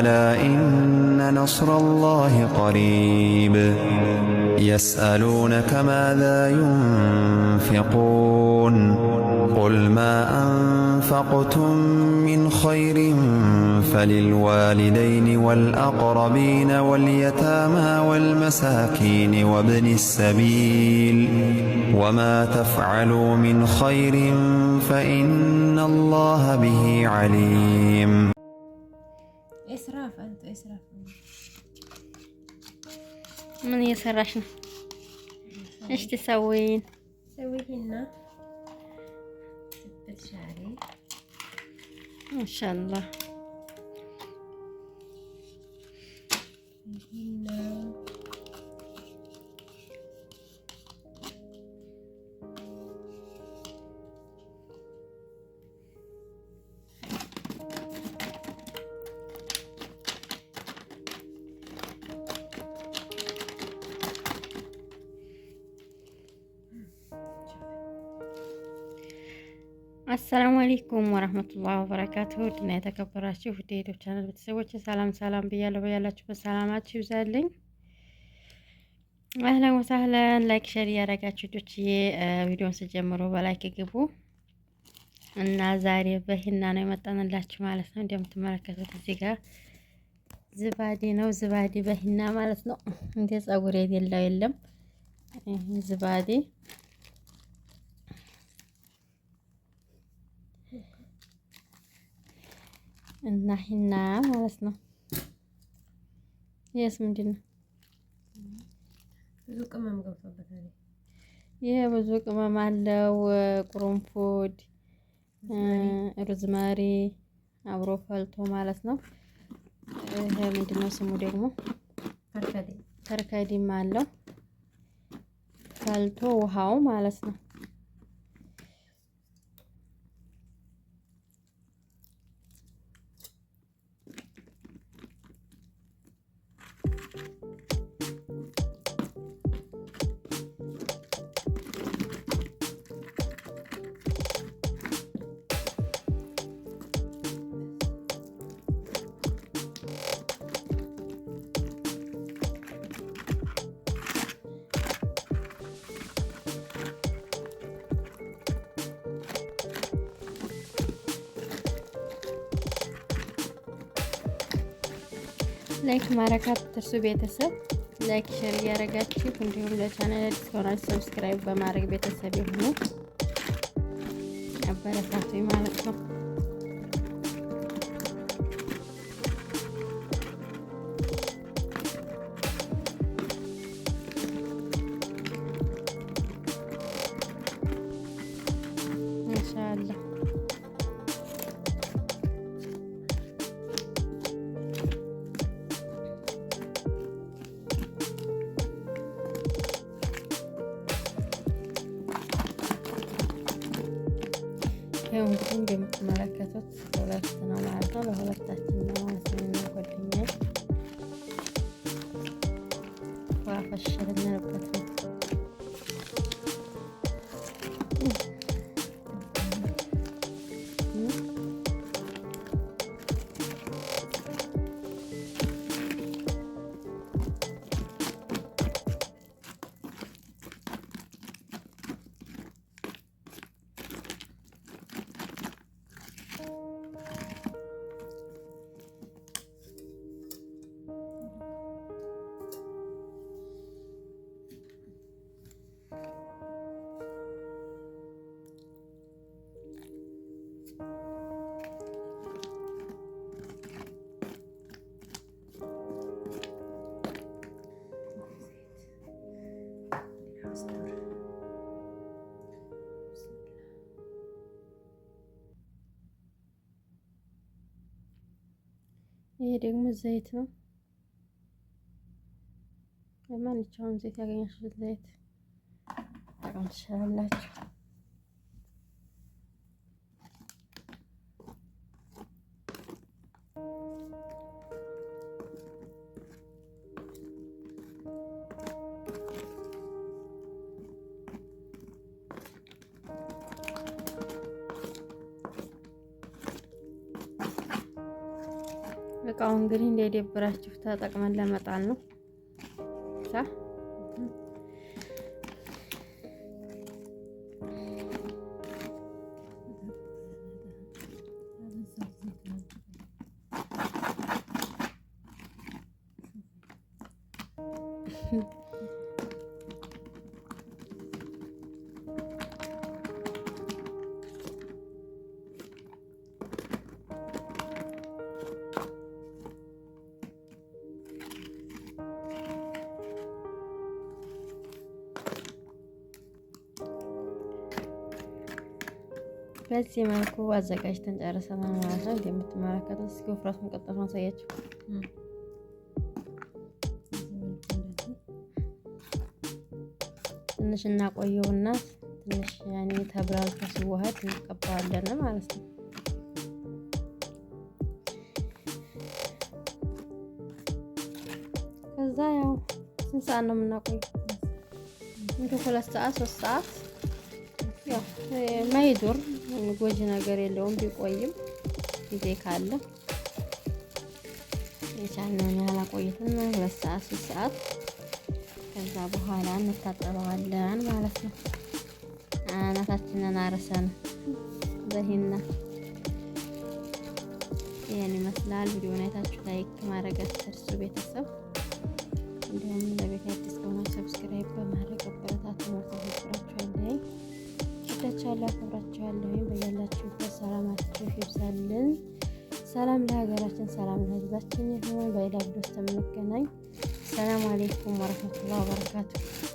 ألا إن نصر الله قريب يسألونك ماذا ينفقون قل ما أنفقتم من خير فللوالدين والأقربين واليتامى والمساكين وابن السبيل وما تفعلوا من خير فإن الله به عليم ምን እየሰራሽ ነው? እሺ ትሰዊን ሰዊና ኢንሻአላህ አሰላሙ አሌይኩም ወረህመቱላህ ወበረካቱሁ ድና የተከበራችሁ ውድ የዩቲዩብ ቻናል ቤተሰቦች ሰላም ሰላም ብያለሁ። በያላችሁበት ሰላማችሁ ይብዛልኝ። አህለን ወሳህለን። ላይክ ሸር እያደረጋችሁ ዶችዬ ቪዲዮን ስጀምሮ በላይክ ግቡ እና ዛሬ በሂና ነው የመጣንላችሁ ማለት ነው። እንደምትመለከቱት እዚህ ጋር ዝባዴ ነው። ዝባዴ በሂና ማለት ነው። እንደ ጸጉር የሌለው የለም ዝባዴ እና ሂና ማለት ነው። የስ ምንድን ነው? ብዙ ቅመም ገብቶበታል። ይሄ ብዙ ቅመም አለው። ቁርንፉድ፣ ሩዝመሪ አብሮ ፈልቶ ማለት ነው። ይሄ ምንድን ነው ስሙ ደግሞ ተርከዲም አለው ፈልቶ ውሃው ማለት ነው። ላይክ ማረካት እርሱ ቤተሰብ ላይክ ሸር እያደረጋችሁ እንዲሁም ለቻናል አዲስ ከሆናችሁ ሰብስክራይብ በማድረግ ቤተሰብ የሆኑ አበረታቱኝ ማለት ነው። እንግዲህ እንደምትመለከቱት ሁለት ነው ማለት ነው። ለሁለታችን ነው ጓደኛዬ ዋፈሽ ልንልበት ነው ይሄ ደግሞ ዘይት ነው። ለማንኛውም ዘይት ያገኛችሁት ዘይት ጠቅም ትችላላችሁ። እቃው እንግዲህ እንዳይደብራችሁ ተጠቅመን ለመጣል ነው። በዚህ መልኩ አዘጋጅተን ጨርሰናል ማለት ነው። እንደምትመለከቱት እስኪ ውፍረቱን ቀጠሉ ማሳያችሁ። ትንሽ እናቆየውና ትንሽ ያኔ ተብላልቶ ሲዋሃድ እንቀባዋለን ማለት ነው። ከዛ ያው ስንት ሰዓት ነው የምናቆየው? እንደ ሁለት ሰዓት ሶስት ሰዓት ያው መሄዱር ጎጂ ነገር የለውም። ቢቆይም ጊዜ ካለ የቻልነውን ያህል አቆይተን ሁለት ሰዓት ሶስት ሰዓት ከዛ በኋላ እንታጠበዋለን ማለት ነው። አናታችንን አርሰን በሂና ይህን ይመስላል። ቪዲዮን አይታችሁ ላይክ ማድረግ አትርሱ ቤተሰብ። እንዲሁም ለቤት አዲስ ከሆነ ሰብስክራይብ በማድረግ አበረታቱ። መጽሐፍ ስራችሁ ላይ ወዳችኋለሁ፣ አከብራችኋለሁ። በያላችሁበት ሰላማችሁ ይብዛልን። ሰላም ለሀገራችን፣ ሰላም ለሕዝባችን ይሁን። በሌላ ቪዲዮ እስከምንገናኝ ሰላም አሌይኩም ወረሕመቱላሂ ወበረካቱሁ።